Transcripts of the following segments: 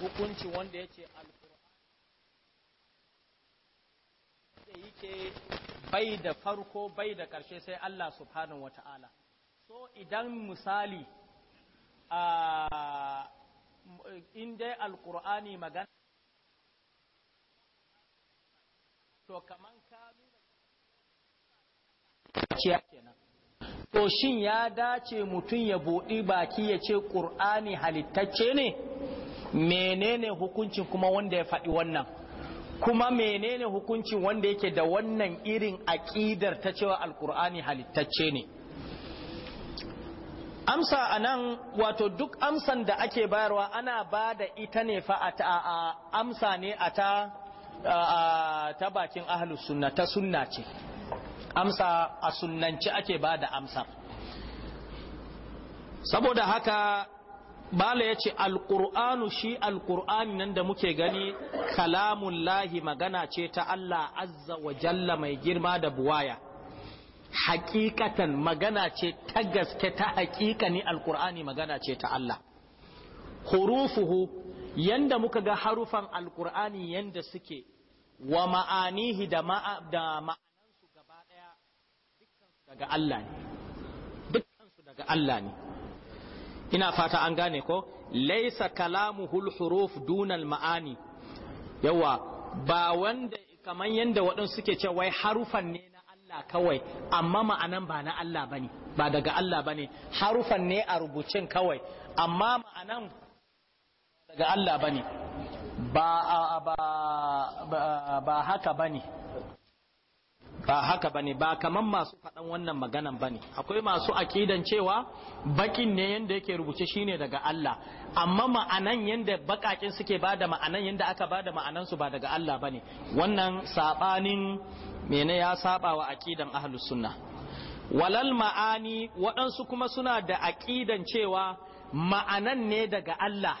hukunci wanda ce alkur'ani da yake bai da farko bai da ƙarshe sai Allah subhanahu wata'ala so idan misali in dai alkur'ani magana to kaman ka nuna kenan to shin ya dace mutum ya buɗi baki ya ce ƙur'ani halittacce ne menene hukuncin kuma wanda ya faɗi wannan kuma menene hukuncin wanda yake da wannan irin aƙidar ta cewa alkur'ani halittacce ne amsa a nan wato duk amsan da ake bayarwa ana ba da ita ne fa a amsa ne a ta ta bakin ahlus sunna ta sunna ce amsa a sunnanci ake ba da amsa saboda haka bala ya ce alƙur'anu shi alƙur'ani nan da muke gani kalamun lahi magana ce ta Allah azza wa jalla mai girma da buwaya hakikatan magana ce ta gaske ta hakikani alƙur'ani magana ce ta Allah hurufuhu yanda muka ga harufan alƙur'ani yanda suke wa ma'anihi da ma'anansu gaba ɗaya dukkansu daga daga Allah ne ina fata an gane ko laisa kalamu huruf dunal ma'ani yawa ba wanda kamar yanda waɗansu suke ce wai harufan ne na Allah kawai amma ma'anan ba na Allah bane ba daga Allah bane harufan ne a rubucin kawai amma ma'anan daga Allah bane ba ba ba haka bane ba haka bane ba kaman masu faɗan wannan maganan bane akwai masu aƙidan cewa bakin ne yanda yake rubuce shine daga Allah amma ma'anan yanda bakakin suke bada ma'anan yanda aka bada ma'anan su ba daga Allah bane wannan sabanin mene ya saba wa akidan ahlus sunna walal ma'ani waɗansu kuma suna da aƙidan cewa ma'anan ne daga Allah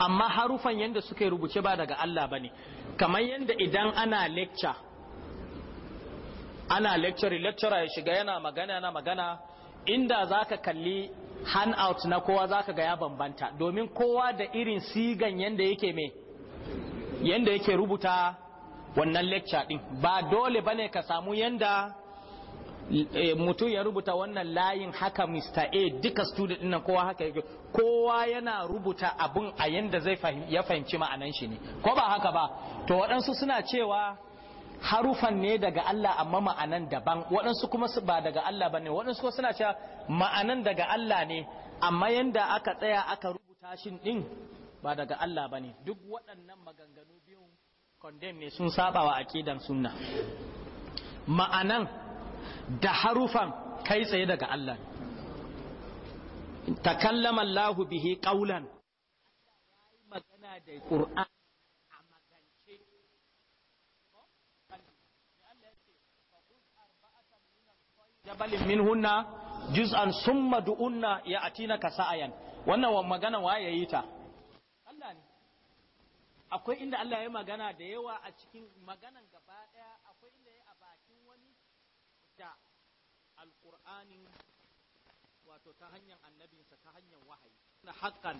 amma harufan yanda suke rubuce ba daga Allah bane kamar yanda idan ana lecture ana lecture lecturer ya shiga yana magana yana magana inda zaka kalli handout na kowa zaka ga ya bambanta domin kowa da irin sigan yanda yake me yanda yake rubuta wannan lecture din ba dole bane ka samu yanda eh, mutum ya rubuta wannan layin haka Mr. A duka student din kowa haka yake kowa yana rubuta abun a yanda zai ya fahimci ma'anan shi ne ko ba haka ba to waɗansu suna cewa harufan ne daga Allah amma ma'anan daban waɗansu kuma su ba daga Allah ba ne waɗansu suna cewa ma'anan daga Allah ne amma yanda aka tsaya aka rubuta shi ɗin ba daga Allah ba ne duk waɗannan maganganu biyun condemn ne sun saba wa aƙidan sunna ma'anan da harufan kai tsaye daga Allah takallama Allahu bihi qaulan magana da Qur'an jabalin min hunna juz'an summa du'unna ya atina ka sa'ayan wannan wa magana wa yayi ta Allah ne akwai inda Allah ya magana da yawa a cikin maganan gaba daya akwai inda ya a bakin wani da alqur'ani wato ta hanyar annabinsa ta hanyar wahayi na haƙƙan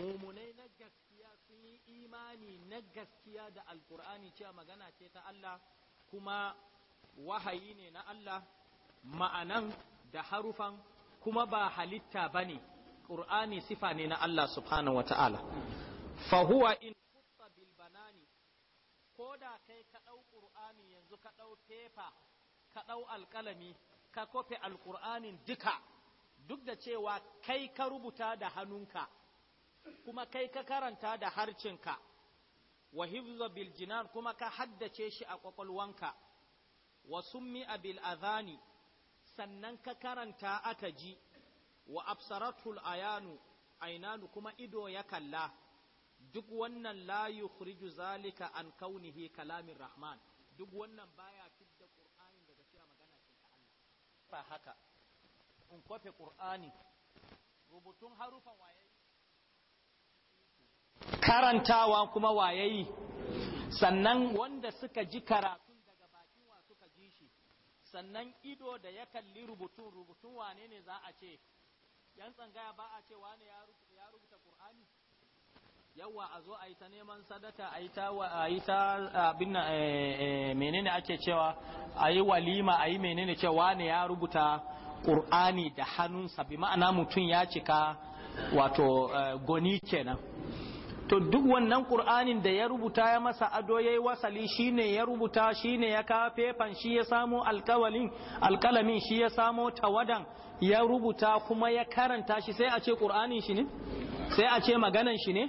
mumunai na gaskiya sun yi imani na gaskiya da alkur'ani cewa magana ce ta Allah kuma wahayi ne na Allah ma'anan da harufan kuma ba halitta ba ne ƙur'ani sifa ne na Allah subhanahu wa ta'ala fahuwa in kutta bilbanani ko da kai ka ɗau ƙur'ani yanzu ka ɗau fefa ka ɗau alƙalami ka kofe alƙur'anin duka duk da cewa kai ka rubuta da hannunka kuma kai ka karanta da harcinka wa hifza bil kuma ka haddace shi a kwakwalwanka wa summi abil azani sannan ka karanta aka ji wa absaratul ayanu ainanu kuma ido ya kalla duk wannan la yukhriju zalika an kaunihi kalamin rahman duk wannan baya fidda qur'ani daga cewa magana ce ta Allah ba haka in kofe qur'ani rubutun harufan wayayi karantawa kuma wayayi sannan wanda suka ji karatu sannan ido da ya kalli rubutun rubutun wane ne za a ce yan tsangaya ba a ce wane ya rubuta Kur'ani? yawa a zo a yi ta neman sadaka a yi ta abin na eh, eh, menene ake cewa a yi walima a yi menene ce wane ya rubuta Kur'ani da hannunsa bi ma'ana mutum ya cika wato eh, goni kenan to duk wannan qur'anin da ya rubuta ya masa ado yayi wasali shine ya rubuta shine ya ka fefan shi ya samo alkawalin alkalamin shi ya samo tawadan ya rubuta kuma ya karanta shi sai a ce qur'anin shi ne sai a ce maganan shi ne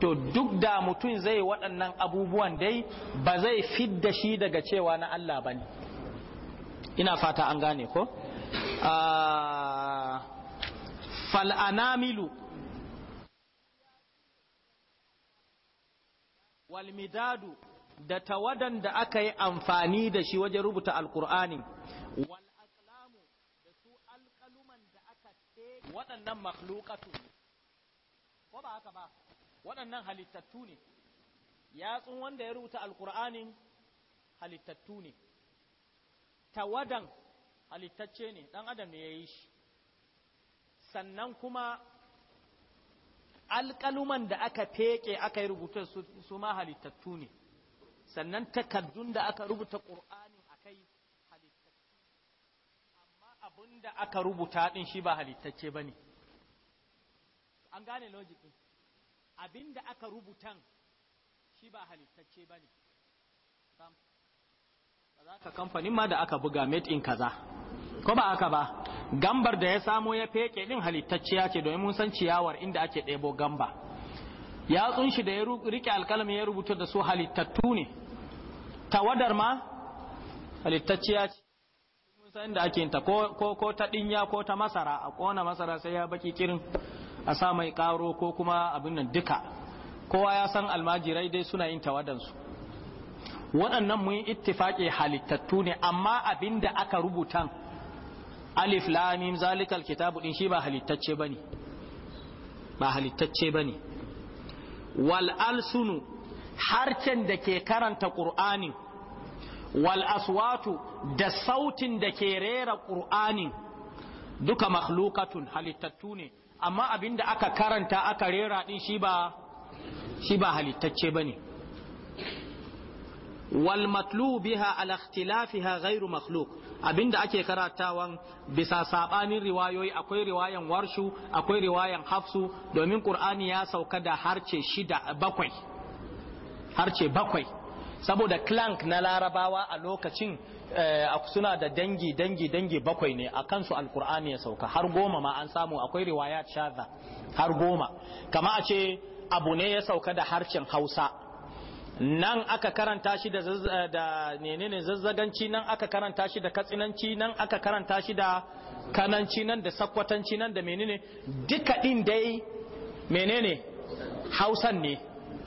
to duk da mutum zai waɗannan abubuwan dai ba zai fidda shi daga cewa na Allah bane ina fata an gane ko ah, fal'anamilu walmidadu da tawadan da aka yi amfani da shi wajen rubuta alkur'ani wal da su alkaluman da aka ce waɗannan makhluqatu ko ba haka ba waɗannan halittattu ne yatsun wanda ya rubuta alkur'ani halittattu ne tawadan halittacce ne ɗan adam ne yayi shi sannan kuma alƙaluman da aka feƙe aka yi rubutu su ma halittattu ne sannan takardun da aka rubuta ƙur'anin kai halittattu amma abin da aka rubuta ɗin shi ba halittacce ba ne an gane logic abin da aka rubutan shi ba halittacce ba ne ba za ka kamfanin ma da aka buga made in kaza ko ba aka ba gambar da ya samo ya feke din halittacciya ce domin mun san ciyawar inda ake ɗebo gamba yatsun shi da ya rike alkalami ya rubuta da su halittattu ne tawadar ma halittacciya ce mun san inda ake ta ko ko ta dinya ko ta masara a kona masara sai ya baki kirin a sa mai karo ko kuma abin nan duka kowa ya san almajirai dai suna yin tawadansu waɗannan mun yi ittifaƙi halittattu ne amma abin da aka rubutan alif lamim zalikal kitabu din shi ba halittacce bane ba halittacce bane wal alsunu harcen da ke karanta qur'anin wal aswatu da sautin da ke rera qur'anin duka makhluqatun halittattu ne amma abinda aka karanta aka rera din shi ba shi ba halittacce bane walmatlu biha ala ikhtilafiha ghairu makhluq abinda ake karatawan bisa sabanin riwayoyi akwai riwayan warshu akwai riwayan hafsu domin qur'ani ya sauka da harce shida bakwai harce bakwai saboda clank na larabawa a lokacin eh, suna da dangi dangi dangi bakwai ne a kansu alkur'ani ya sauka har goma ma an samu akwai riwaya shaza har goma kama a ce abu ne ya sauka da harcen hausa nan aka karanta shi da eh, da zazzaganci nan aka karanta shi da katsinanci nan aka karanta shi da kananci nan da sakwatanci nan da menene duka din dai menene hausan ne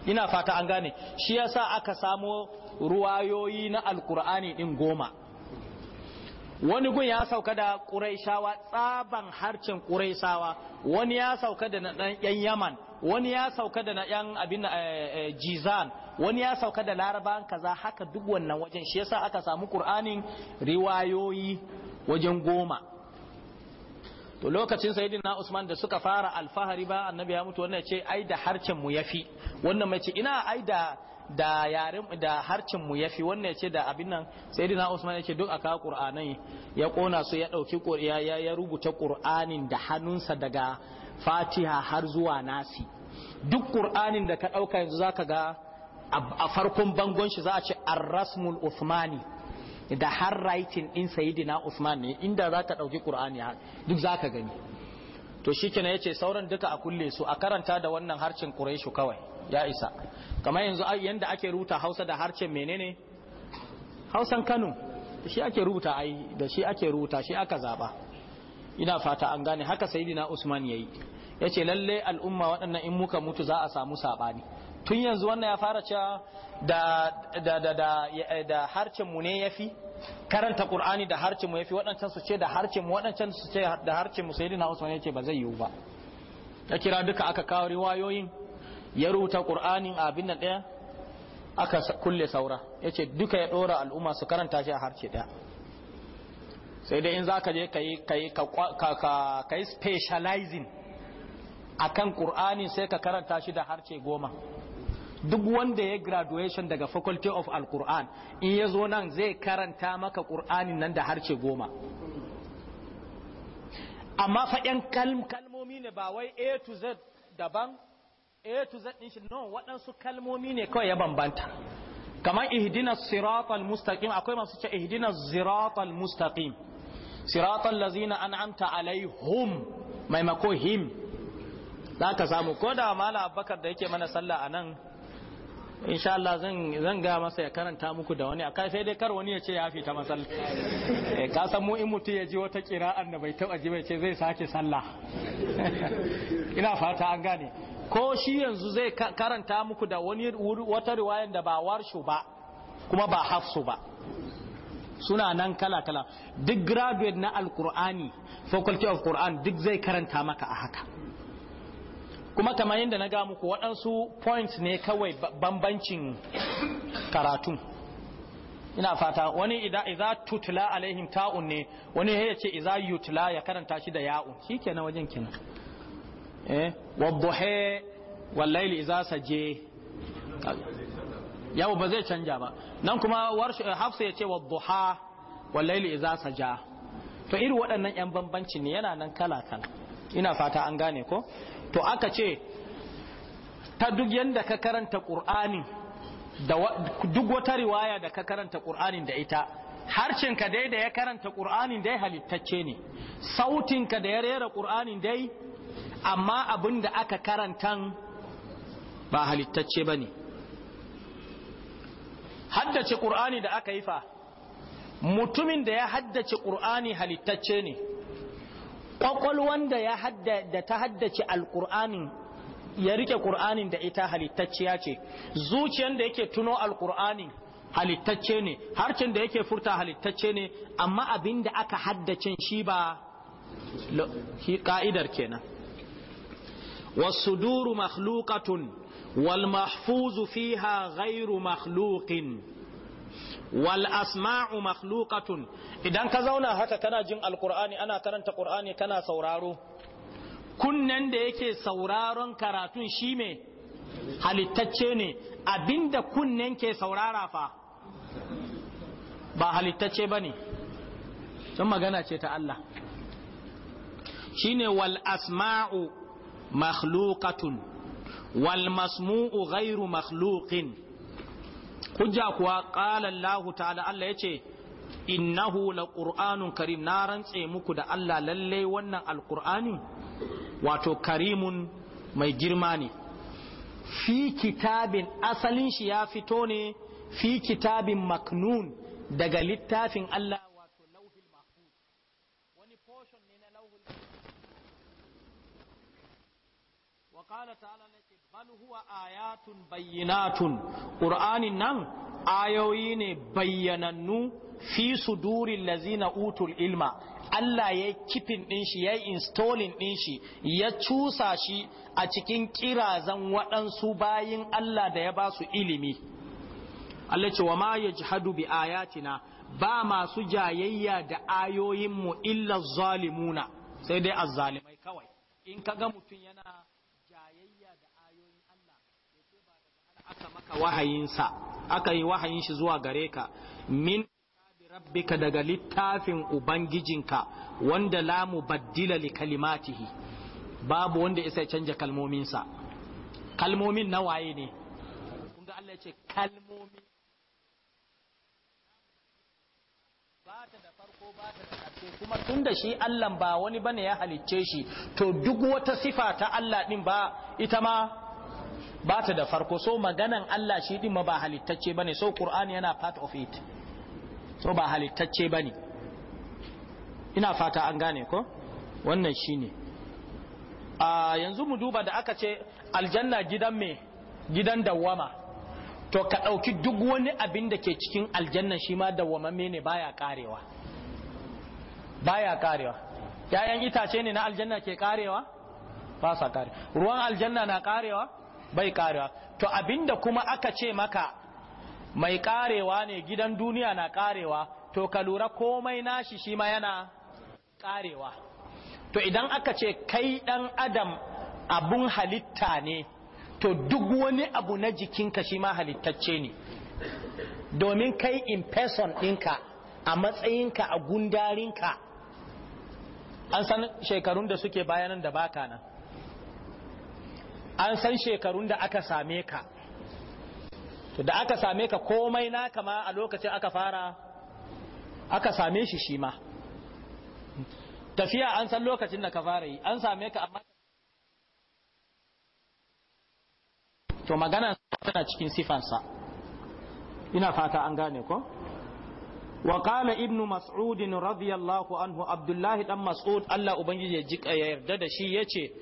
ina fata an gane shi yasa aka samo ruwayoyi na alkur'ani din goma wani gun ya sauka da ƙuraishawa tsaban harcin ƙuraishawa wani ya sauka da na ɗan yaman wani ya sauka da yan abin eh, eh, jizan wani ya sauka da larabawan kaza haka duk wannan wajen shi yasa aka samu qur'anin riwayoyi wajen goma to lokacin sayyidina usman da suka fara alfahari ba annabi ya mutu wannan ce ai da harcin mu yafi wannan mai ce ina ai da da da harcin mu yafi wannan ce da abin nan sayyidina usman yake duk aka qur'anai ya kona su ya dauki ya ya rubuta qur'anin da hannunsa daga fatiha har zuwa nasi duk ƙur'anin da ka ɗauka yanzu za ka ga a farkon bangon shi za a ce arrasmul usmani da har writing in sayidina usman ne inda za ka ɗauki ƙur'ani duk za ka gani to shi ya ce sauran duka a kulle su a karanta da wannan harcin ƙureshu kawai ya isa kamar yanzu yadda ake rubuta hausa da harcin menene hausan kano shi ake rubuta ai da shi ake rubuta shi aka zaba. ina fata an gane haka sayyidina usman yayi yace lalle al'umma waɗannan in muka mutu za a samu sabani tun yanzu wannan ya fara cewa da da da da, da harcin mu ne yafi karanta qur'ani da harcin mu yafi waɗancan su ce da harcin mu waɗancan su ce da harcin mu sayyidina usman yace ba zai yiwu ba ya kira duka aka kawo riwayoyin ya rubuta qur'anin abin nan ɗaya aka kulle saura yace duka ya ɗora al'umma su karanta shi a harce ɗaya sai dai in za ka je ka yi specializing a kan ƙur'ani sai ka karanta shi da harce goma duk wanda ya graduation daga faculty of al-ƙur'an in ya zo nan zai karanta maka ƙur'ani nan da harce goma amma faɗin kalmomi ne ba wai a to z daban a to z ɗin shi no waɗansu kalmomi ne kawai ya bambanta kamar ihdina siratal mustaqim akwai masu ce ihdina siratal mustaqim siratan lazina an amta alaihum maimako him za ka samu ko da mala abakar da yake mana sallah a nan insha Allah zan ga masa ya karanta muku da wani kai sai dai kar wani ya ce ya fita masal eh, ka san mu in mutu ya ji wata kira da bai taba ji bai ce zai sake sallah ina fata an gane ko shi yanzu zai karanta muku da wani wata riwayan da ba warshu ba kuma ba hafsu ba suna nan kala-kala duk graduate na alkur'ani faculty of quran duk zai karanta maka a haka kuma kamar yadda na ga muku waɗansu points ne kawai bambancin karatu. ina fata wani idan iza tutula alaihim ta'un ne wani ya ce iza yutla ya karanta shi da ya'un shi na wajen kenan eh wabbuhe wallaili iza saje yau ba zai canja ba nan kuma eh, hafsa ya ce wa duha za idza ja to irin waɗannan yan bambanci ne yana nan kala kala ina fata an gane ko to aka ce ta duk yanda ka karanta qur'ani da duk wata riwaya da ka karanta qur'anin da ita harshen ka dai da ya karanta qur'anin dai halittacce ne sautin ka da ya rera qur'anin dai amma abin da aka karanta ba halittacce ba ne haddace ƙur'ani da aka yi fa mutumin da ya haddace ƙur'ani halittacce ne ƙwaƙwalwan da ya da ta haddace alƙur'anin ya rike ƙur'anin da ita halittacciya ce zuciyan da yake tuno alƙur'ani halittacce ne harcin da yake furta halittacce ne amma abin da aka haddace shi ba ka'idar kenan wasu duru makhluqatun wal mahfuzu fiha ghairu makhluqin wal asma'u makhluqatun idan ka zauna haka kana jin alqur'ani ana karanta qur'ani kana sauraro kunnen da yake sauraron karatun shi me halittacce ne abinda kunnan ke saurara fa ba halittacce ba ne magana ce ta Allah shine wal asma'u makhluqatun wal masmu'u ghairu makhluqin hujja kuwa qala Allah ta'ala Allah yace innahu laqur'anun karim na rantse muku da Allah lallai wannan alqur'ani wato karimun mai girma ne fi kitabin asalin shi ya fito ne fi kitabin maknun daga littafin Allah wato lauhil mahfuz ne na lauhil bal huwa ayatun bayyinatun qur'anin nan ayoyi ne bayyanannu fi sudurin lazina utul ilma Allah ya kifin ɗin shi ya installing ɗin shi ya cusa shi a cikin kirazan waɗansu bayin Allah da ya ba su ilimi Allah ce wa ma yajhadu bi ayatina ba masu jayayya da ayoyinmu illa zalimuna sai dai azzalimai kawai in kaga mutum yana wahayin wahayinsa aka yi wahayin shi zuwa gare ka min rabbika daga littafin ubangijinka wanda la mubaddila li kalimatihi babu wanda isa canja kalmominsa kalmomin na waye ne kunga Allah ya ce kalmomin ba ta da farko ba ta da ƙarshe kuma tun da shi Allah ba wani bane ya halicce shi to duk wata sifa ta Allah din ba ita ma ba ta da farko so maganan Allah shi din ma ba halittacce bane so Qur'ani yana part of it so ba halittacce bane ina fata an gane ko wannan shine a yanzu mu duba da aka ce aljanna gidan me gidan dawama to ka dauki duk wani abin da ke cikin aljanna shi ma me ne baya karewa baya karewa ‘ya'yan itace ne na aljanna ke karewa? ba sa kare ruwan aljanna na karewa? bai karewa to abinda kuma aka ce maka mai karewa ne gidan duniya na karewa to ka lura komai nashi shi ma yana karewa to idan aka ce kai dan adam abun halitta ne to duk wani abu na jikinka shi ma halittacce ne domin kai in person ɗinka a matsayinka a gundarinka an san shekarun da suke bayanan da baka nan an san shekarun da aka same ka to da aka same ka komai na kama a lokacin aka fara aka same shi shi ma tafiya an san lokacin da ka fara yi an same ka amma to magana tana cikin sifansa ina fata an gane ko wa qala ibnu mas'ud radiyallahu anhu abdullahi dan mas'ud Allah ubangiji ya yarda da shi yace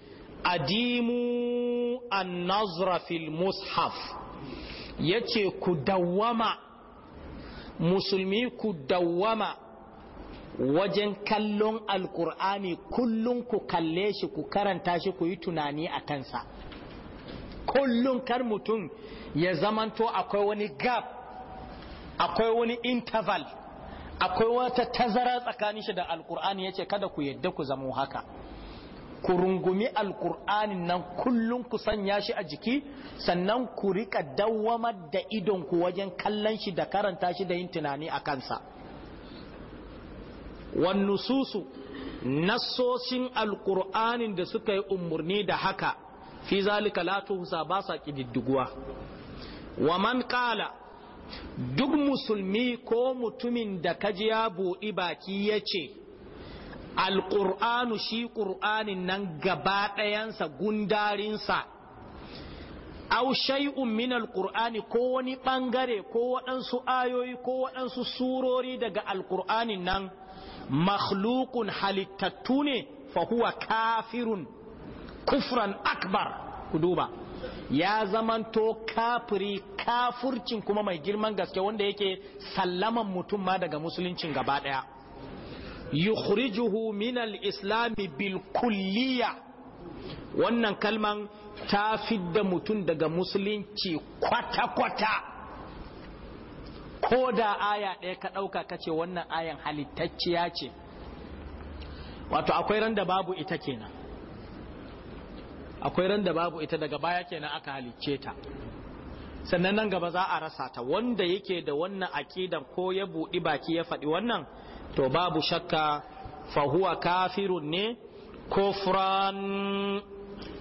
adimu an nazra fil mushaf yace ku dawwama musulmi ku dawwama wajen kallon alkur'ani kullum ku kalle shi ku karanta shi ku yi tunani a kansa kullum kar mutum ya zamanto akwai wani gap akwai wani interval akwai wata tazara tsakanin shi da alkur'ani yace kada ku yadda ku zamo haka ku rungumi alkur'anin nan kullum ku sanya shi a jiki sannan ku rika dawwamar da idonku wajen kallon shi da karanta shi da yin tunani a kansa wannan susu nassoshin alkur'anin da suka yi umarni da haka fi zalika la tuhsa ba sa kididdiguwa wa man qala duk musulmi ko mutumin da kaji ya buɗi baki ya ce. alƙur'anu shi ƙur'anin nan gaba ɗayansa gundarinsa au shay'un min alƙur'ani ko wani ɓangare ko waɗansu ayoyi ko waɗansu surori daga Alkur'ani nan makhluqun halittattu ne fahuwa kafirun kufran akbar ku duba ya zamanto kafiri kafurcin kuma mai girman gaske wanda yake sallaman mutum ma daga musuluncin gaba ɗaya yukhrijuhu min al-islam bil kulliya wannan kalman ta fidda mutum daga musulunci kwata-kwata ko da aya ɗaya ka ɗauka kace wannan ayan halittacciya ce wato akwai randa babu ita kenan akwai randa babu ita daga baya kenan aka halicce ta sannan nan gaba za a rasa ta wanda yake da wannan aƙidan ko ya buɗi baki ya faɗi wannan to babu shakka fahuwa kafirun ne kufran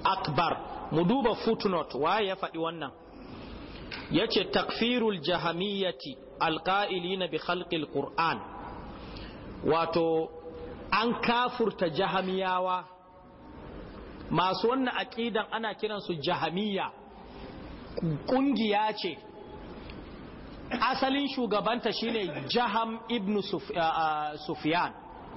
akbar mu duba footnote waye ya faɗi wannan yace takfirul jahamiyyati alqa'ilina bi khalqil qur'an wato an kafurta jahamiyawa masu wannan aƙidan ana kiransu jahamiyya kungiya ce asalin shugabanta shine jaham ibn sufyan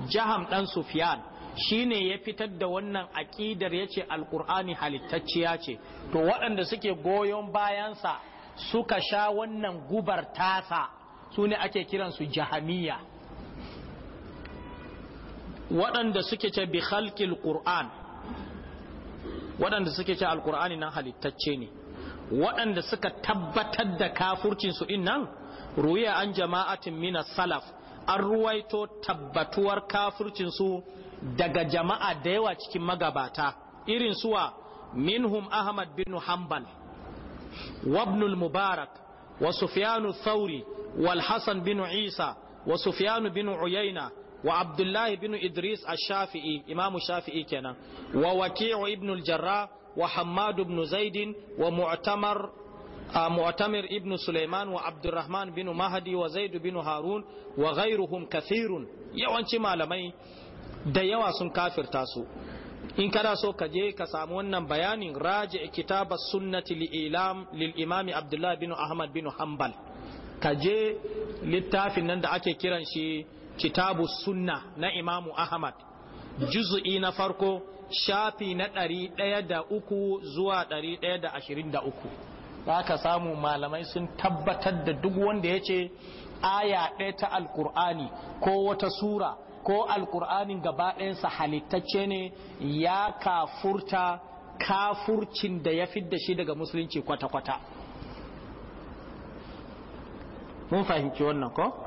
jaham dan sufyan shine ya fitar da wannan aƙidar yace alqur'ani halittacciya ce to waɗanda suke goyon bayansa suka sha wannan gubar tasa su ne ake kiransu jahamiya waɗanda suke ce bi khalqil qur'an waɗanda suke ce alqur'ani nan halittacce ne waɗanda suka tabbatar da kafurcinsu ɗin nan ruya an jama'atin mina salaf an ruwaito tabbatuwar kafurcinsu daga jama'a da yawa cikin magabata irin suwa minhum ahmad bin hanbal wabnul mubarak wa sufyanu thauri wal hasan bin isa wa sufyanu bin uyaina wa abdullahi bin idris ash-shafi'i imamu shafi'i kenan wa waki'u ibn al-jarrah wa Hammad ibn Zaid wa Mu'tamar معتمر ابن سليمان وعبد الرحمن بن مهدي وزيد بن هارون وغيرهم كثير yawanci malamai da yawa sun kafirta su in kana so ka je ka samu wannan bayanin raji kitaba sunnati lilam lil imami abdullah bin ahmad bin hanbal ka je littafin nan da ake kiran shi kitabu sunna na imamu ahmad juz'i na farko shafi na ɗari ɗaya da uku zuwa ɗari ɗaya da ashirin da uku za ka samu malamai sun tabbatar da duk wanda ya ce aya ɗaya ta alkur'ani ko wata sura ko alkur'anin gaba ɗayansa halittacce ne ya kafurta kafurcin da ya fidda shi daga musulunci kwata-kwata mun fahimci wannan ko?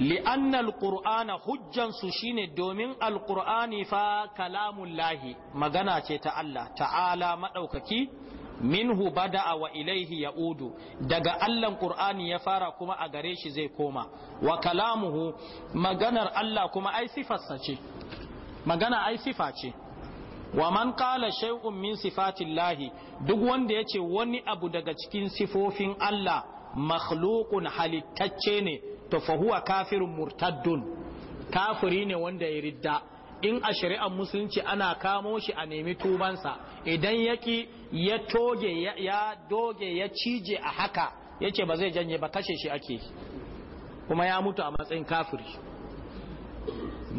li'anna alqur'ana hujjansu shine domin alqur'ani fa kalamun lahi magana ce ta Allah ta'ala madaukaki minhu bada'a wa ilaihi ya ya'udu daga Allahn Qur'ani ya fara kuma a gare shi zai koma wa kalamuhu maganar Allah kuma ai sifarsa ce magana ai sifa ce wa man qala shay'un min sifatillahi duk wanda ya ce wani abu daga cikin sifofin Allah makhluqun halittacce ne to fahuwa kafirun murtaddun kafiri ne wanda ya ridda in a shari'ar musulunci ana kamo shi a nemi tubansa idan yaki ya toge ya doge ya cije a haka yace ba zai janye ba kashe shi ake kuma ya mutu a matsayin kafiri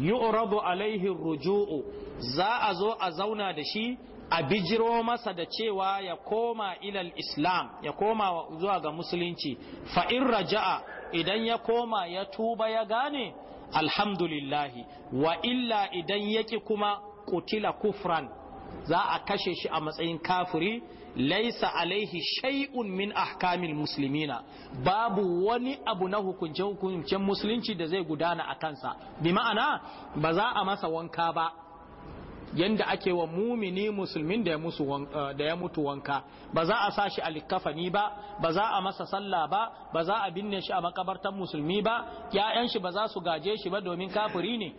yu'radu alaihi ruju'u za a zo a zauna da shi a bijiro masa da cewa ya koma ilal islam ya koma zuwa ga musulunci fa'in raja'a idan ya koma ya tuba ya gane alhamdulillahi wa illa idan yaki kuma kutila kufran za a kashe shi a matsayin kafiri laisa alaihi shay'un min ahkamil muslimina babu wani abu na hukuncin hukuncen musulunci da zai gudana a kansa bi ma'ana ba za a masa wanka ba yanda ake wa mumini musulmin da ya musu eh, da ya mutu wanka ba za a sashi alikafani ba ba za a masa sallah ba ba za a binne shi a makabartan musulmi ba ƴaƴan shi ba za su gaje shi ba domin kafiri ne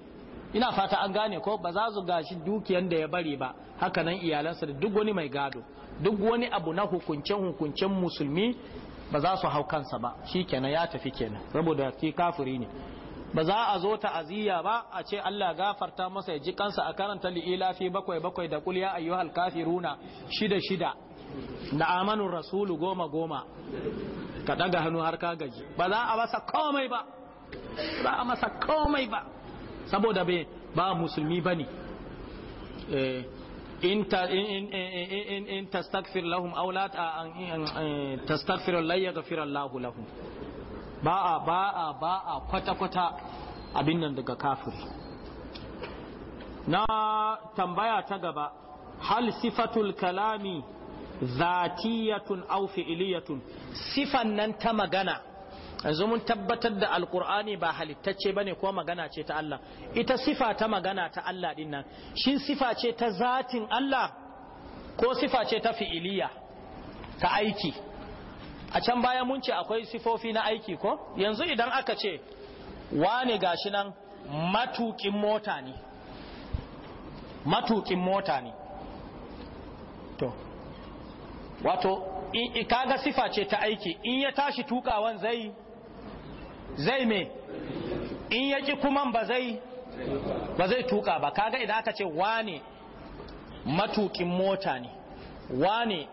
ina fata an gane ko ba za su gashi dukiyan da ya bari ba haka nan iyalansa da duk wani mai gado duk wani abu na hukuncen hukuncen musulmi ba za su hau kansa ba shikenan ya tafi kenan saboda shi kafiri ne ba za a zo ta'aziyya ba a ce Allah gafarta masa ya ji kansa a karanta li'ilafi bakwai bakwai da kulya ayyuhal kafiruna shida shida da amanu rasulu goma goma ka daga hannu har ka gaji ba za a masa komai ba za a masa komai ba saboda bai ba musulmi bane eh in tastaghfir lahum aw la tastaghfir la yaghfir lahum ba a ba a ba a kwata-kwata abin nan daga kafiri na tambaya ta gaba hal sifatul kalami zatiyatun aw fi'liyatun sifan nan ta magana yanzu mun tabbatar da alkur'ani ba halittacce ne ko magana ce ta Allah ita sifa ta magana ta Allah din nan shin sifa ce ta zatin Allah ko sifa ce ta fi'iliya ta aiki a can baya mun ce akwai sifofi na aiki ko yanzu idan aka ce wane gashi nan matukin mota ne matukin mota ne to wato kaga sifa ce ta aiki in ya tashi tukawan zai zai me in ya ki kuma ba zai ba zai tuka ba kaga idan aka ce wane matukin mota ne wane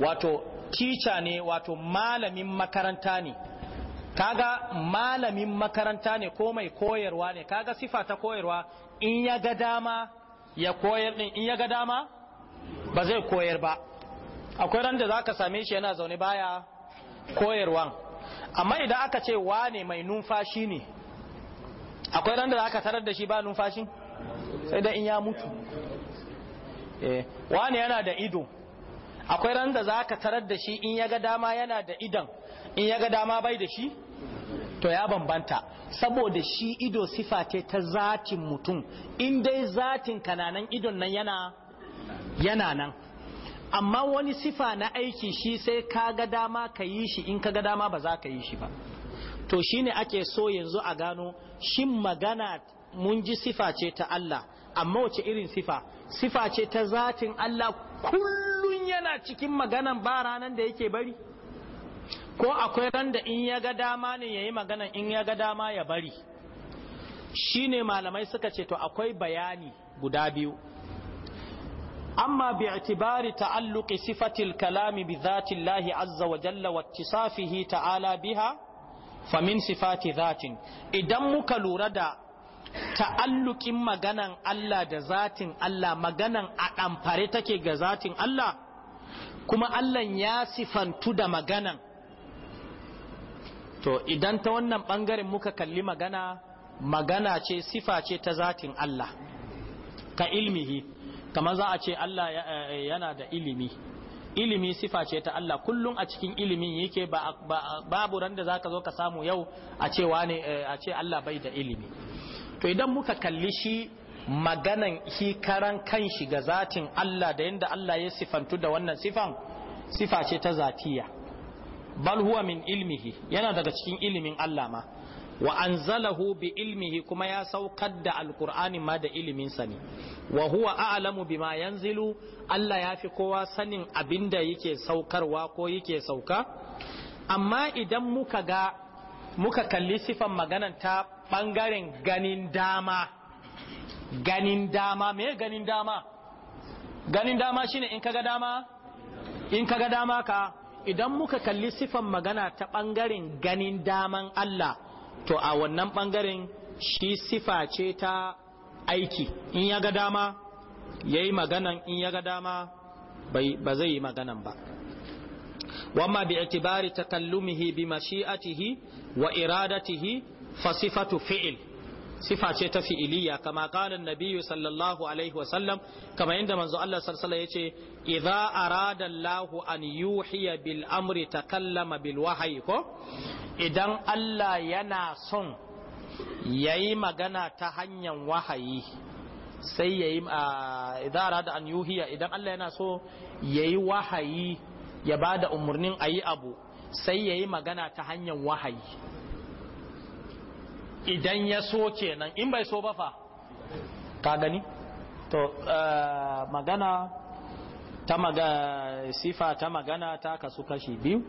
wato teacher ne wato malamin makaranta ne kaga malamin makaranta ne ko mai koyarwa ne kaga sifa ta koyarwa in ya ga dama ya koyar din in ya ga dama ba zai koyar ba akwai ran da zaka same shi yana zaune baya koyarwan amma idan aka ce wane mai numfashi ne akwai ran da zaka tarar da shi ba numfashi? sai da in ya mutu eh wane yana da ido akwai ran da za ka tarar da shi in ya ga dama yana da idan in ya ga dama bai da shi to ya bambanta saboda shi ido sifa ce ta zatin mutum in dai zatin kananan idon nan yana yana nan amma wani sifa na aiki shi sai ka ga dama ka yi shi in ka ga dama ba za ka yi shi ba to shine ake so yanzu a gano shin magana mun ji sifa ce ta Allah amma wace irin sifa sifa ce ta zatin Allah Kullum yana cikin maganan ba ranan da yake bari ko akwai ran da in ya ga dama ne ya yi maganan in ya ga dama ya bari shine malamai suka ce to akwai bayani guda biyu amma bi itibari ta'alluqi sifatil kalami bi dhati Allah azza wa jalla wa ittisafihi ta'ala biha fa min sifati zatin idan muka lura da ta'allukin maganan Allah da zatin Allah maganan a ɗamfare take ga zatin Allah kuma Allah ya sifantu da maganan to idan ta wannan ɓangaren muka kalli magana magana ce sifa ce ta zatin Allah ka ilmihi kama za a ce Allah eh, yana da ilimi ilimi sifa ce ta Allah kullum a cikin ilimin yake babu ran da zaka zo ka samu yau a eh, a ce Allah bai da ilimi to idan muka kalli shi maganan shi karan kan shi ga zatin Allah da yanda Allah ya sifantu da wannan sifan sifa ce ta zatiya bal huwa min ilmihi yana daga cikin ilimin Allah ma wa anzalahu bi ilmihi kuma ya saukar da alqur'ani ma da ilimin sa ne wa huwa a'lamu bima yanzilu Allah ya fi kowa sanin abinda yake saukarwa ko yake sauka amma idan muka ga muka kalli sifan maganan ta Bangaren ganin dama ganin dama me ganin dama ganin dama shine in kaga dama in kaga dama ka idan muka kalli sifan magana ta ɓangaren ganin daman Allah to a wannan bangaren shi sifa ce ta aiki in ya ga dama ya yi maganan in ya ga dama ba zai yi maganan ba wamma bi itibari takallumihi bi mashi'atihi wa iradatihi fa sifatu fi'il sifa ce ta fi'iliya kama qala nabiyu nabiyyu sallallahu alaihi wa sallam kama inda manzo Allah sallallahu yace idza arada Allahu an yuhiya bil amri takallama bil wahyi ko idan Allah yana son yayi magana ta hanyar wahayi sai yayi idza arada an yuhiya idan Allah yana so yayi wahayi ya bada umurnin ayi abu sai yayi magana ta hanyar wahayi idan ya so kenan in bai so ba fa ka gani to eh, magana ta maga sifa ta magana ta kasu kashi biyu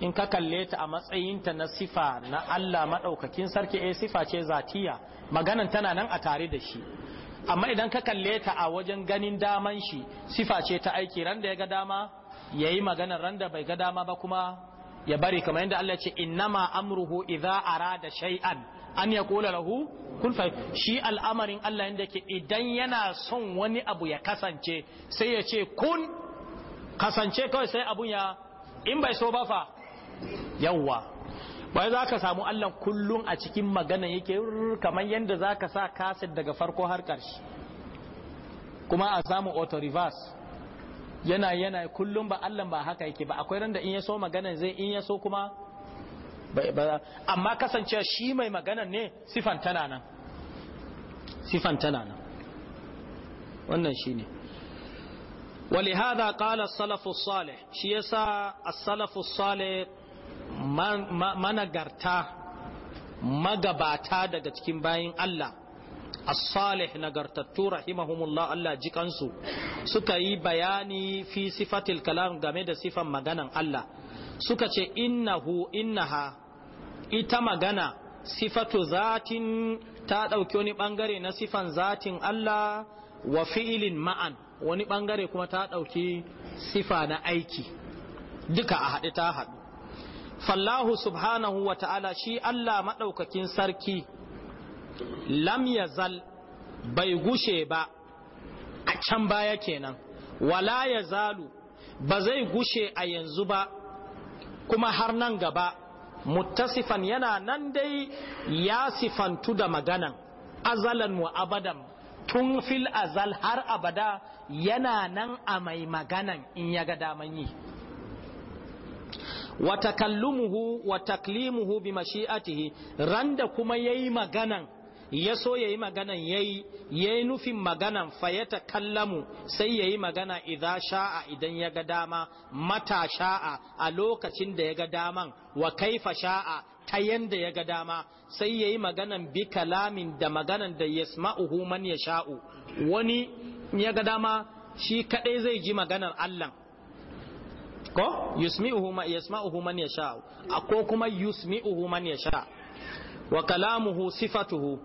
in ka kalle ta a matsayinta na sifa na Allah maɗaukakin sarki eh sifa ce zatiya maganan tana nan a tare da shi amma idan ka kalle ta a wajen ganin daman shi sifa ce ta aiki randa ya ga dama ya yi maganar randa bai ga dama ba kuma ya bari kamar yadda Allah ce innama amruhu idza arada shay'an an ya kula lahu kun fa shi al'amarin Allah inda yake idan yana son wani abu ya kasance sai ya ce kun kasance kawai sai abun ya in bai so ba fa yawwa bai za ka samu Allah kullum a cikin magana yake kamar yadda za ka sa kaset daga farko har ƙarshe kuma a samu auto reverse yana yana kullum ba Allah ba haka yake ba akwai randa in ya so magana zai in ya so kuma amma kasancewa shi mai maganan ne sifan tana nan sifan tana nan wannan shi ne ولهذا قال السلف الصالح shi yasa السلف الصالح managarta magabata daga cikin bayan Allah as-salih nagartattu rahimahumullah Allah jikansu suka yi bayani fi sifatil kalam game da sifan maganan Allah suka ce innahu innaha ita magana sifatu zatin ta ɗauki wani bangare na sifan zatin Allah wa fi'ilin ma'an wani bangare kuma ta ɗauki sifa na aiki duka a haɗe ta haɗu fallahu subhanahu wa ta'ala shi Allah maɗaukakin sarki lam yazal bai gushe ba a can baya kenan wala ya zalu ba zai gushe a yanzu ba kuma har nan gaba muttasifan yana nan dai ya sifantu da maganan azalan wa abadan tun fil azal har abada yana nan a mai maganan in ya ga daman yi wa takallumuhu wa taklimuhu bi mashi'atihi randa kuma yayi maganan ya so yayi maganan ya yi nufin maganan fa ya sai ya yi magana idan sha'a idan ya ga dama mata sha'a a lokacin da ya ga daman wa kaifa sha'a ta yanda ya ga dama sai ya yi maganan bi kalamin da maganan da yasma'uhu man sha'u. wani ya ga dama shi kadai zai ji maganar Allah ko yusmi'uhu ma yasma'uhu man ko kuma yusmi'uhu man yasha wa kalamuhu sifatuhu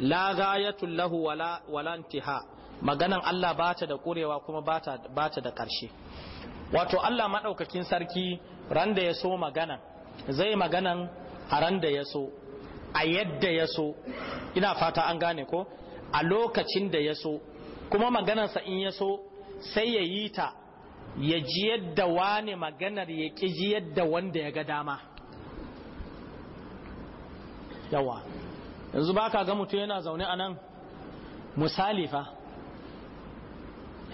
la ghayatul lahu wala wala intiha maganan Allah bata da kurewa kuma bata ta da karshe wato Allah madaukakin sarki ran da ya magana zai maganan a ran da ya a yadda ya ina fata an gane ko a lokacin da ya so kuma sa in ya so sai ya yi ta ya ji yadda wani maganar ya ƙi ji yadda wanda ya ga dama yawa yanzu ba ka ga mutum yana zaune a nan misali fa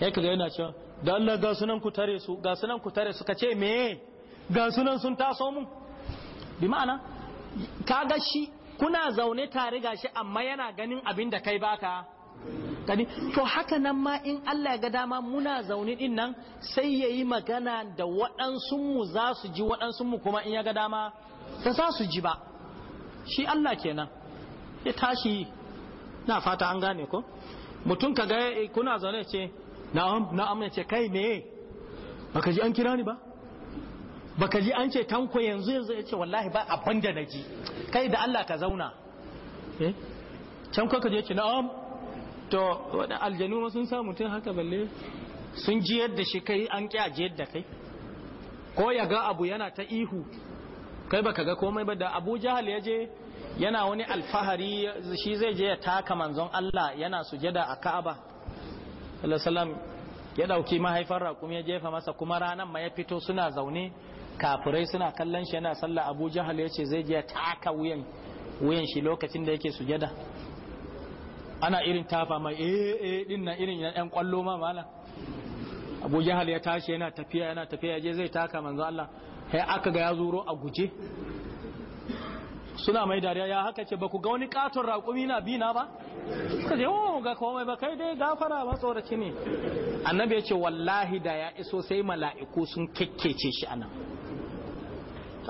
ya yana cewa da Allah ga sunan ku tare su ga sunan ku tare su ka ce me ga sunan sun taso mu bi ma'ana ga shi kuna zaune tare gashi amma yana ganin abin da kai baka gani to haka nan ma in Allah ya ga dama muna zaune din nan sai yayi magana da waɗansu mu za su ji waɗansu mu kuma in ya ga dama ba za su ji ba shi Allah kenan ya tashi na fata an gane ko mutum ka ga eh, kuna zaune ce na na ce kai me baka ji an kira ni ba baka ji an ce tanko yanzu yanzu ya ce wallahi ba abin da ji kai da Allah ka zauna Tanko eh? ka ji ya ce na'am to wadan aljanu sun sa mutum haka balle sun ji yadda shi kai an ji yadda kai ko ya ga abu yana ta ihu kai baka ga komai ba da abu jahal ya je yana wani alfahari shi zai je ya taka manzon Allah yana sujada a Ka'aba sallam ya dauki mahaifar raqum ya jefa masa kuma ranan ma ya fito suna zaune kafirai suna kallon shi yana sallah Abu Jahal ya ce zai je ya taka wuyan wuyan shi lokacin da yake sujada ana irin tafa mai eh eh din nan irin yan kwallo ma malam Abu Jahal ya tashi yana tafiya yana tafiya je zai taka manzon Allah kai aka ga ya zuro a guje suna mai dariya ya haka ce ba ku ga wani katon raƙumi na bi na ba suka ce oh ga komai ba kai dai gafara ba tsoraci ne annabi ya ce wallahi da ya iso sai mala'iku sun kekkece shi anan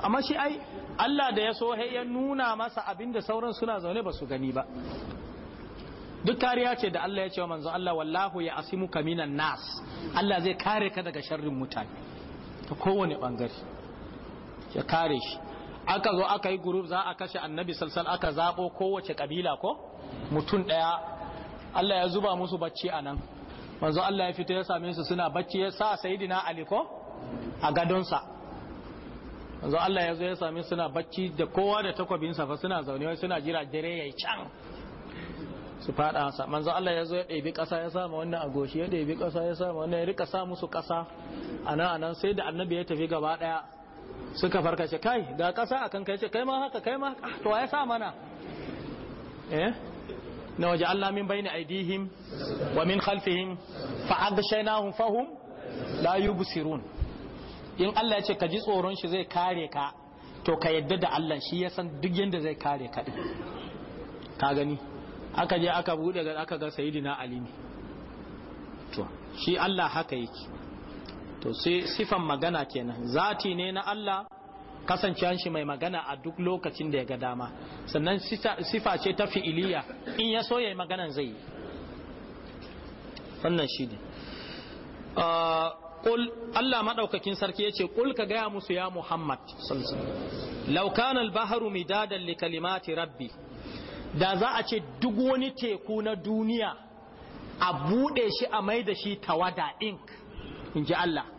amma shi ai Allah da ya so ya nuna masa abinda sauran suna zaune ba su gani ba duk kariya ce da Allah ya ce wa manzon Allah wallahu ya asimu kaminan nas Allah zai kare ka daga sharrin mutane ta kowane bangare ya kare shi aka zo aka yi gurub za a kashe annabi salsal aka zabo kowace kabila ko mutum daya Allah ya zuba musu bacci a nan manzo Allah ya fito ya same su suna bacci ya sa sayidina Ali ko a gadonsa manzo Allah ya zo ya same suna bacci da kowa da takwabinsa fa suna zaune wai suna jira dare yayi can su fada sa manzo Allah ya zo ya ɗebi ƙasa ya sama wannan a goshi ya ɗebi ƙasa ya sama wannan ya rika sa musu ƙasa anan anan sai da annabi ya tafi gaba ɗaya suka farka ce kai ga kasa akan kai ce kai ma haka kai ma to ya sa mana eh na waje Allah min bayni aidihim wa min khalfihim fa aghshaynahum fahum la yubsirun in Allah ya ce ka ji tsoron shi zai kare ka to ka yadda da Allah shi ya san duk yanda zai kare ka din ka gani aka je aka bude aka ga sayyidina Ali ne to shi Allah haka yake to sifan magana kenan zati ne na Allah kasancewan shi mai magana a duk lokacin da ya ga dama sannan sifa ce ta fi'iliya in ya so ya yi zai yi wannan shi ne ah, Allah maɗaukakin sarki ya ce ƙul ka gaya musu ya Muhammad laukan albaharu midadan li kalimati rabbi da za a ce duk wani teku na duniya a buɗe shi a mai da shi tawada ink in ji Allah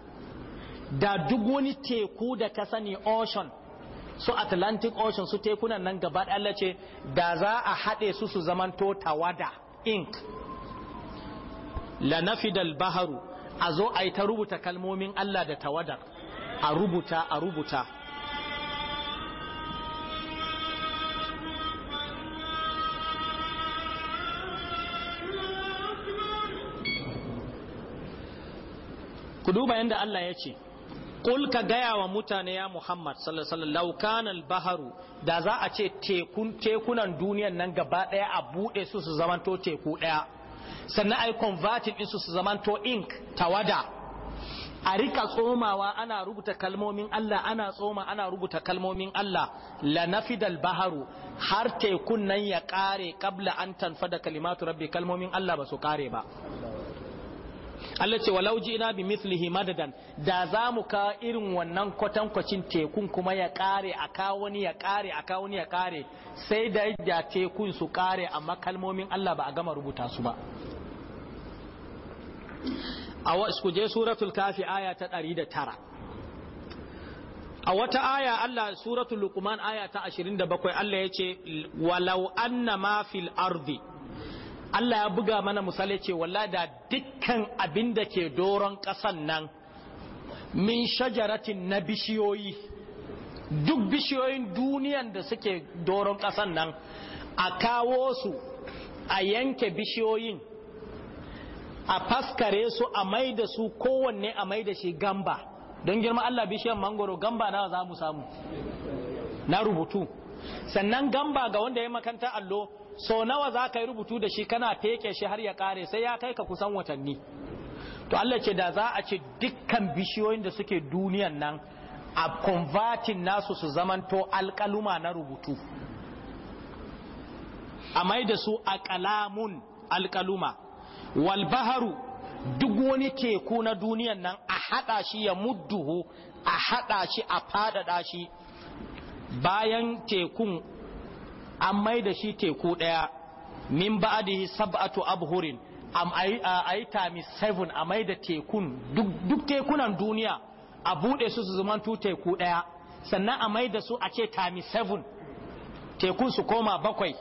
da duk wani teku da ka sani ocean su atlantic ocean su tekunan nan gaba Allah ce da za a haɗe su su zamanto tawada ink lanafidal baharu a zo a yi ta rubuta kalmomin Allah da tawadar a rubuta a rubuta ku duba yadda Allah ya ce qul ka gaya wa mutane ya muhammad sallallahu alaihi baharu da za a ce tekun tekunan duniyan nan gaba daya a bude su su zamanto teku daya sannan ai converting din su su zamanto ink tawada a rika tsomawa ana rubuta kalmomin Allah ana tsoma ana rubuta kalmomin Allah la nafidal baharu har tekun nan ya kare kabla an tanfada kalimatu rabbi kalmomin Allah ba su kare ba Allah ce walau ina bi mislihi madadan da za mu ka irin wannan kwatankwacin tekun kuma ya kare a kawoni ya kare a kawoni ya kare sai da yadda tekun su kare amma kalmomin Allah ba a gama rubuta su ba a wasu je suratul kafi aya ta 109 a wata aya Allah suratul luqman aya ta 27 Allah ya ce walau anna ma fil ardi Allah ya buga mana misali ce walla da dukkan abin da ke doron ƙasan nan min shajaratin na bishiyoyi duk bishiyoyin duniyan da suke doron kasan nan a kawo su a yanke bishiyoyin a faskare su a mai da su kowanne a mai da shi gamba don girma Allah bishiyar mangoro gamba na za mu samu na rubutu sannan gamba ga wanda ya makanta allo so nawa za ka yi rubutu da shi kana feke shi har ya kare sai ya kai ka kusan watanni to Allah ce da za a ce dukkan bishiyoyin da suke duniyan nan a convertin nasu su zamanto alkaluma na rubutu a mai da su a kalamun alkaluma walbaharu duk wani teku na duniyan nan a haɗa shi ya mudduhu a haɗa shi a fadada shi bayan tekun an mai da shi teku ɗaya min ba'adihi sab'atu abhurin am ta tami 7 a mai da tekun duk tekunan duniya a buɗe su su tu teku ɗaya sannan a mai da su a ce tami 7 tekun su koma bakwai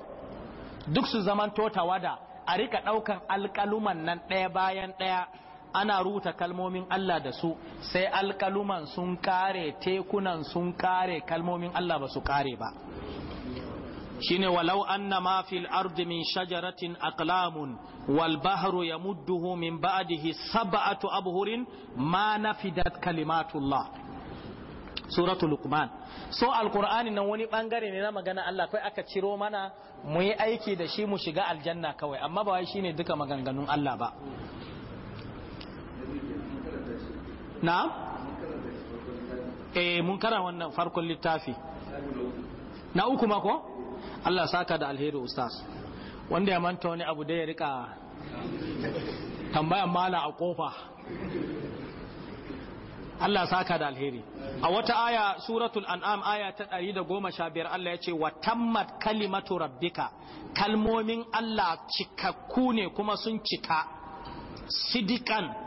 duk su zamanto tawada a rika ɗaukan alƙaluman nan ɗaya bayan ɗaya ana rubuta kalmomin Allah da su sai alkaluman sun kare tekunan sun kare kalmomin Allah ba su kare ba shine walau anna ma fil ardi min shajaratin aqlamun wal bahru yamudduhu min ba'dihi sab'atu abhurin ma nafidat kalimatullah suratul luqman so alqur'ani nan wani bangare ne na magana Allah kai aka ciro mana mu yi aiki da shi mu shiga aljanna kawai amma ba wai shine duka maganganun Allah ba na eh mun kara wannan farkon littafi na uku mako Allah saka da alheri ustaz wanda ya manta wani abu da ya rika tambayan mala a kofa Allah saka da alheri a wata aya suratul an'am aya ta 115 Allah ya ce wa tammat kalimatu rabbika kalmomin Allah cikakku ne kuma sun cika sidikan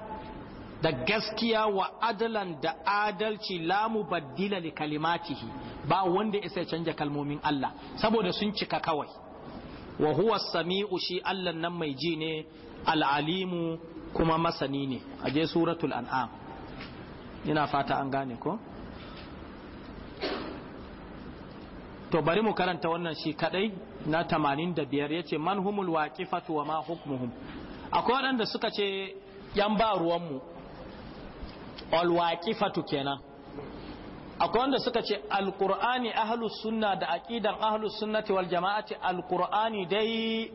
da gaskiya wa adalan da adalci lamu baddila li kalimatihi ba wanda isa canja kalmomin Allah saboda sun cika kawai wa huwa sami'u shi Allah nan mai ji ne al'alimu kuma masani ne aje suratul an'am ina fata an gane ko to bari mu karanta wannan shi kadai na 85 yace man waqifatu wa ma hukmuhum akwai waɗanda suka ce yan ba ruwan mu. alwaqifatu kenan akwai wanda suka ce Alƙur'ani ahlus sunna da aqidan ahlus sunnati wal jama'ati Alƙur'ani dai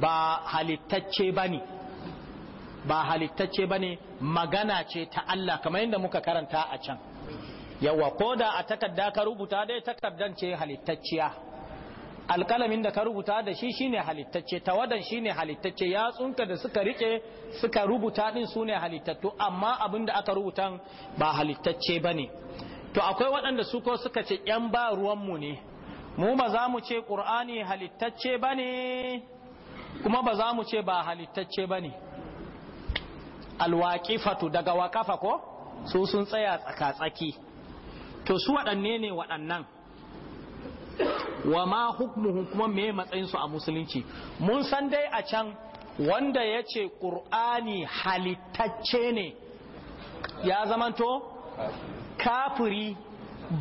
ba halittacce bane ba halittacce bane magana ce ta Allah kamar yadda muka karanta a can yawa ko da a takarda ka rubuta dai takardan ce halittacciya alkalamin da ka rubuta da shi shine halittacce tawadan shine halittacce yatsunka da suka rike suka rubuta din sune halittattu amma abin da aka rubuta ba halittacce bane to akwai waɗanda su ko suka ce yan ba ruwan mu ne mu ba za mu ce qur'ani halittacce bane kuma ba za mu ce ba halittacce bane alwaqifatu daga waqafa ko su sun tsaya tsaka tsaki to su waɗanne ne waɗannan wa ma hukmuhum kuma me matsayin su a musulunci mun san dai a can wanda ya ce ƙur'ani halittacce ne ya zamanto kafiri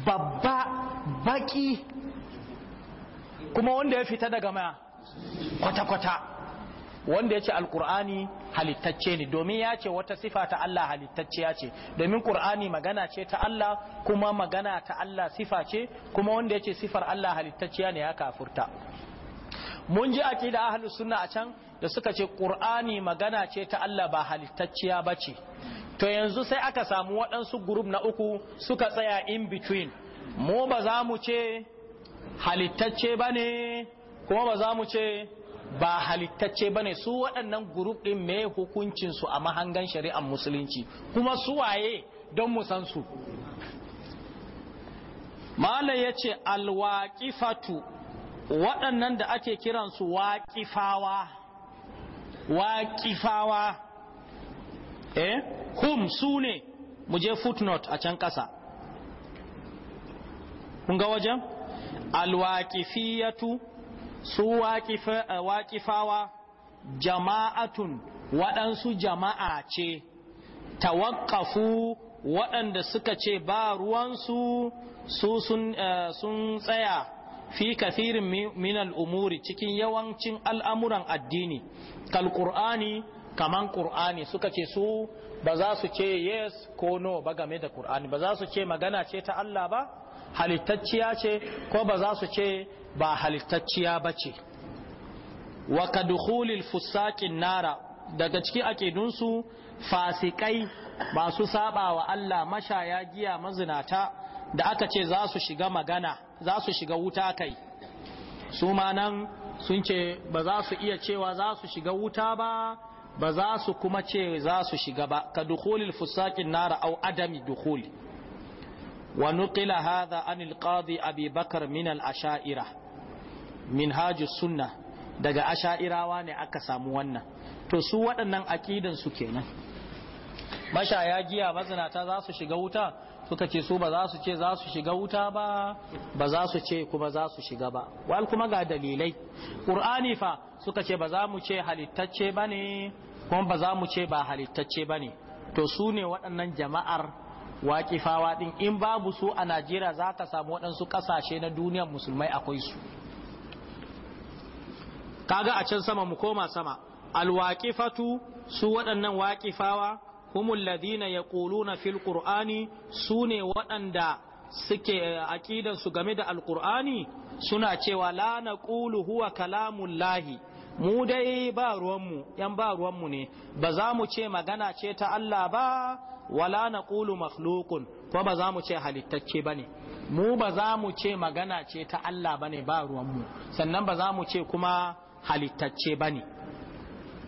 babba baki kuma wanda ya fita daga maya kwata-kwata wanda ya ce alkur'ani halittacce ne domin ya ce wata sifa ta Allah halittacciya ce domin kur'ani magana ce ta Allah kuma magana ta Allah sifa ce kuma wanda ya ce sifar Allah halittacciya ne ya kafurta mun ji da ahalus sunna a can da suka ce ƙur'ani magana ce ta Allah ba halittacciya bace to yanzu sai aka samu waɗansu gurup na uku suka tsaya in between mu ba za mu ce halittacce bane kuma ba za mu ce ba halittacce ba ne su waɗannan gurup ɗin me hukuncinsu a mahangan shari'ar musulunci kuma su waye don mu san su mala yace alwaqifatu waɗannan da ake kiransu waƙifawa waƙifawa eh hum su ne mu je footnote a can ƙasa kun ga wajen alwaƙifiyatu su waƙifawa eh, jama'atun waɗansu jama'a ce tawakkafu waɗanda suka ce ba ruwansu su sun eh, tsaya fi kafirin minal umuri cikin yawancin al'amuran addini kalƙur'ani kamar kaman ƙur'ani suka ce su ba za su ce yes ko no ba game da ƙur'ani ba za su ce magana ce ta Allah ba halittacciya ce ko ba za su ce ba halittacciya ba ce wa ka dukhulil fusaqin nara daga ciki akidunsu fasikai masu saba wa Allah mashaya giya mazinata da aka ce za su shiga magana za su shiga wuta kai su ma nan sun ce ba za su iya cewa za su shiga wuta ba ba za su kuma ce za su shiga ba ka dukhulil fusaqin nara au adami dukhuli wa nuqila anil qadi Abibakar Minal min al asha'ira minhajus sunna daga asha'irawa ne aka samu wannan to su waɗannan aqidan su kenan mashaya giya mazinata za su shiga wuta suka ce su ba za su ce za su shiga wuta ba ba za su ce kuma za su shiga ba wal kuma ga dalilai qur'ani fa suka ce ba za mu ce halittacce bane kuma ba za mu ce ba halittacce bane to su ne waɗannan jama'ar waƙifawa din in babu su a najeriya za ka samu waɗansu ƙasashe na duniyar musulmai akwai su kaga a can sama mu koma sama alwaƙifatu su waɗannan waƙifawa humul ladina na fil su ne waɗanda suke eh, aƙidansu game da alƙur'ani suna cewa la ƙulu huwa kalamun lahi. mu dai ba ruwanmu yan ba ruwanmu ne ba za mu ce magana ce ta Allah ba wala na ƙulu makhlukun ko ba za mu ce halittacce ba mu ba za mu ce magana ce ta Allah ba ne ba ruwanmu sannan ba za mu ce kuma halittacce bane. ne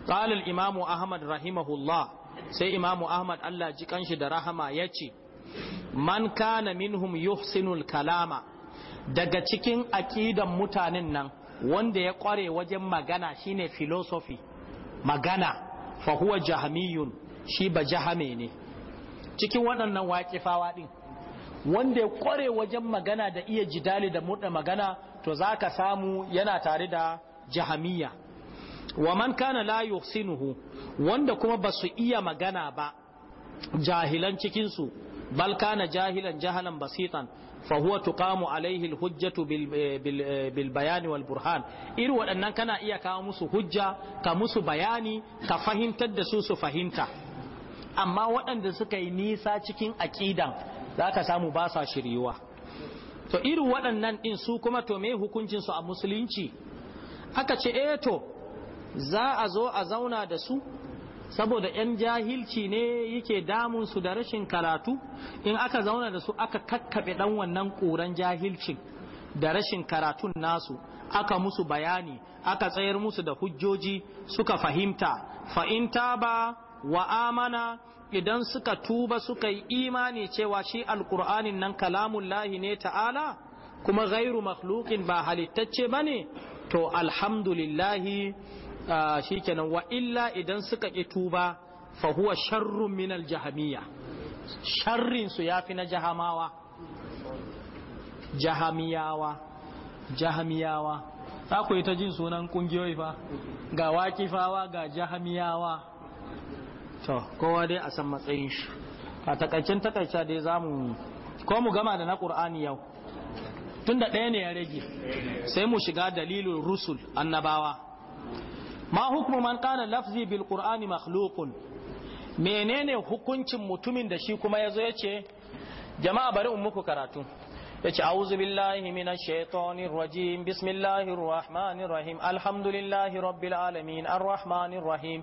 ƙalil imamu ahmad rahimahullah sai imamu ahmad Allah ji kanshi da rahama ya ce man kana minhum yuhsinul kalama daga cikin aƙidan mutanen nan wanda ya kware wajen magana shine philosophy magana fa huwa jahamiyun shi ba jahame ne cikin waɗannan waƙifawa ɗin wanda ya kware wajen magana da iya jidali da muɗa magana to za ka samu yana tare da jahamiya wa man kana la yuhsinuhu wanda kuma ba su iya magana ba jahilan cikinsu bal kana jahilan jahalan basitan fa huwa tuqamu alaihi hujjatu bilbayani bil bayani wal burhan ir waɗannan kana iya kawo musu hujja ka musu bayani ka fahimtar da su su fahimta amma waɗanda suka yi nisa cikin aqidan zaka samu ba sa shiryuwa to irin waɗannan ɗin su kuma to me hukuncin su a musulunci aka ce eh to za a zo a zauna da su saboda ‘yan jahilci ne yake damunsu da rashin karatu in aka zauna da su aka kakkaɓe ɗan wannan ƙuran jahilcin da rashin karatun nasu aka musu bayani aka tsayar musu da hujjoji suka fahimta Fahimta ba wa amana idan suka tuba suka yi imani cewa shi alƙur'anin nan kalamun lahi ne ta'ala kuma gairu makhlukin ba halittacce ba ne to alhamdulillahi kenan wa illa idan suka ƙi tuba fa huwa sharrun minal jahamiyya sharrin su yafi na jahamawa jahamiyawa jahamiyawa za ku yi ta jin sunan kungiyoyi fa ga wakifawa ga jahamiyawa to kowa dai a san matsayin shi a takaicin takaica dai za mu ko mu gama da na ƙur'ani yau tun da ɗaya ne ya rage sai mu shiga dalilin rusul annabawa ma hukmu man qala lafzi bil qur'ani makhluqun menene hukuncin mutumin da shi kuma yazo yace jama'a bari in muku karatu yace a'udhu billahi minash shaitanir rajim bismillahir rahmanir rahim alhamdulillahi rabbil alamin arrahmanir rahim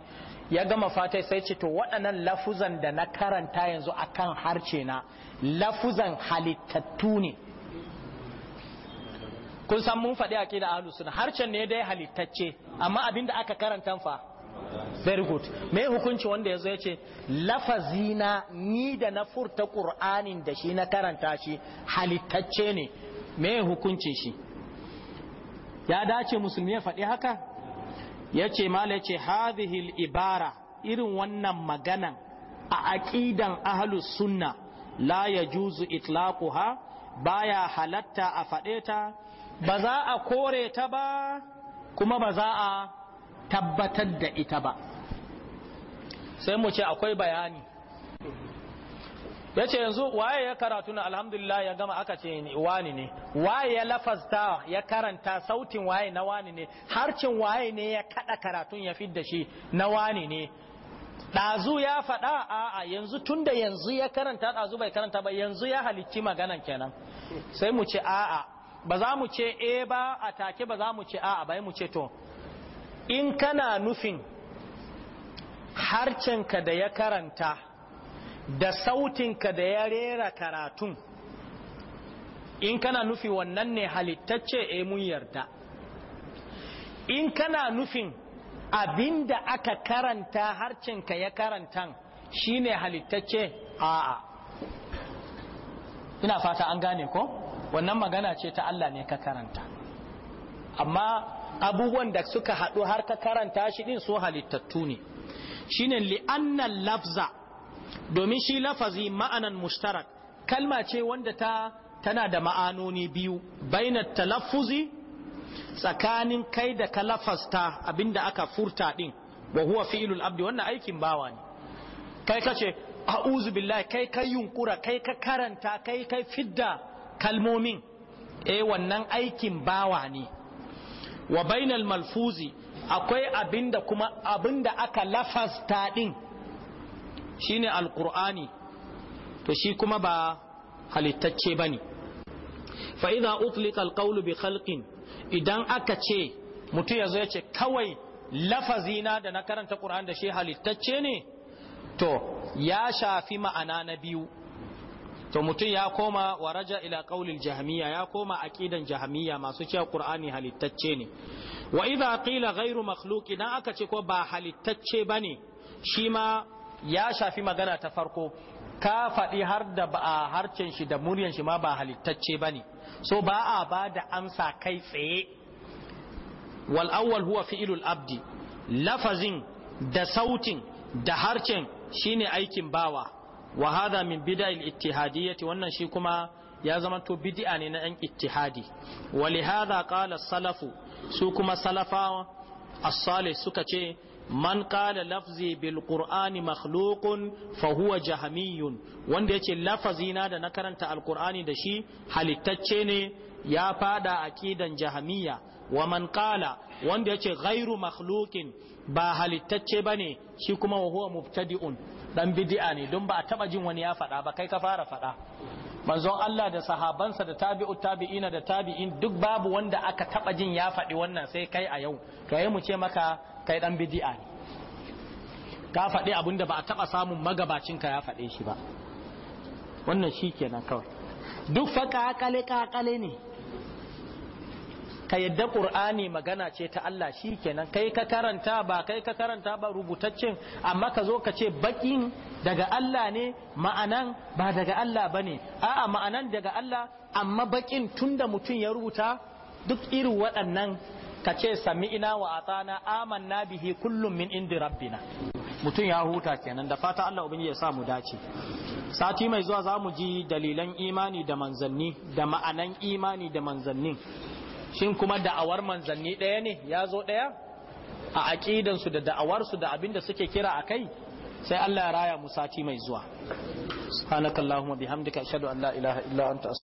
ya gama fata sai ce to waɗannan lafuzan da na karanta yanzu akan harce na lafuzan halittattu ne kun san mun faɗi a ƙida ahlus sunna harcen ne dai halittacce amma abin da aka karanta fa very good me hukunci wanda yazo yace lafazina ni da na furta qur'anin da shi na karanta shi halittacce ne me hukunci shi ya dace musulmi ya faɗi haka yace mala yace hadhihi ibara irin wannan magana a aqidan ahlus sunna la yajuzu itlaquha baya halatta a faɗeta ta ba za a kore ta ba kuma ba za a tabbatar da ita ba sai mu ce akwai bayani ya ce yanzu waye ya karatu na alhamdulillah ya gama aka ce wani ne waye ya lafasta ya karanta sautin waye na wani ne harcin waye ne ya kada karatun ya fidda shi na wani ne ɗazu ya faɗa a'a yanzu tunda yanzu ya karanta ɗazu bai karanta ba yanzu ya halicci maganan kenan sai mu ce a'a ba za mu ce e ba a take ba za mu ce a'a bai mu ce to in kana nufin harcenka da ya karanta da sautinka da ya rera karatun in kana nufi wannan ne halittacce e mun yarda in kana nufin abinda aka karanta harcenka ya karanta shine halittacce 'a ina fata an gane ko wannan magana ce ta Allah ne ka karanta amma abubuwan da suka haɗu har ka karanta shi ɗin so halittattu ne shine li'annan lafza domin shi lafazi ma'anan mustarak. kalma ce wanda ta tana da ma'anoni biyu baina talaffuzi tsakanin kai da ka lafasta abinda aka furta ɗin wa huwa fi'ilul abdi wannan aikin bawa ne kai kace a'udhu billahi kai kai yunkura kai ka karanta kai kai fidda kalmomin eh wannan aikin bawa ne wa bainal malfuzi akwai abinda kuma abinda aka lafasta din shine alqur'ani to shi kuma ba halittacce bane fa idza utlika alqawlu bi khalqin idan aka ce mutum yazo ya ce kawai na da na karanta qur'ani da shi halittacce ne to ya shafi ma'ana na biyu to mutum ya koma waraja ila qaulil jahmiya ya koma aqidan jahmiya masu cewa qur'ani halittacce ne wa idha qila ghairu makhluqi dan aka ce ko ba halittacce bane shi ma ya shafi magana ta farko ka faɗi har da ba a harcen shi da muryan shi ma ba halittacce bane so ba a ba da amsa kai tsaye wal awwal huwa fi'lul abdi lafazin da sautin da harcen shine aikin bawa wa hada min bida'il ittihadiyyati wannan shi kuma ya zama to bid'a ne na yan ittihadi wa li hada qala salafu su kuma salafa as-salih suka ce man qala lafzi bil qur'ani makhluqun fa huwa jahmiyun wanda yace lafazina da na karanta alqur'ani da shi halittacce ne ya fada aqidan jahmiya wa man qala wanda yace ghairu makhluqin ba halittacce ba ne shi kuma wa huwa mubtadi'un dan bid'a ne don ba a taba jin wani ya faɗa ba kai ka fara faɗa manzon Allah da sahabansa da tabi'u tabi'ina da tabi'in duk babu wanda aka taba jin ya faɗi wannan sai kai a yau to ai mu ce maka kai dan bid'a ne ka faɗi abinda ba a taba samun magabacin ka ya faɗe shi ba wannan shi kawai duk fa kakale kakale ne ka yadda qur'ani magana ce ta Allah shi kenan kai ka karanta ba kai ka karanta ba rubutaccen amma ka zo ka ce bakin daga Allah ne ma'anan ba daga Allah bane a'a ma'anan daga Allah amma bakin tunda mutum ya rubuta duk irin waɗannan ka ce sami'ina wa atana amanna bihi kullum min indi rabbina mutum ya huta kenan da fata Allah ya sa mu dace sati mai zuwa za mu ji dalilan imani da manzanni da ma'anan imani da manzannin shin kuma da'awar manzanni ɗaya ne ya zo ɗaya a aƙidansu da da'awarsu da abin da suke kira a kai sai Allah ya raya mu sati mai zuwa subhanakallahumma bihamdika ashhadu an la ilaha illa anta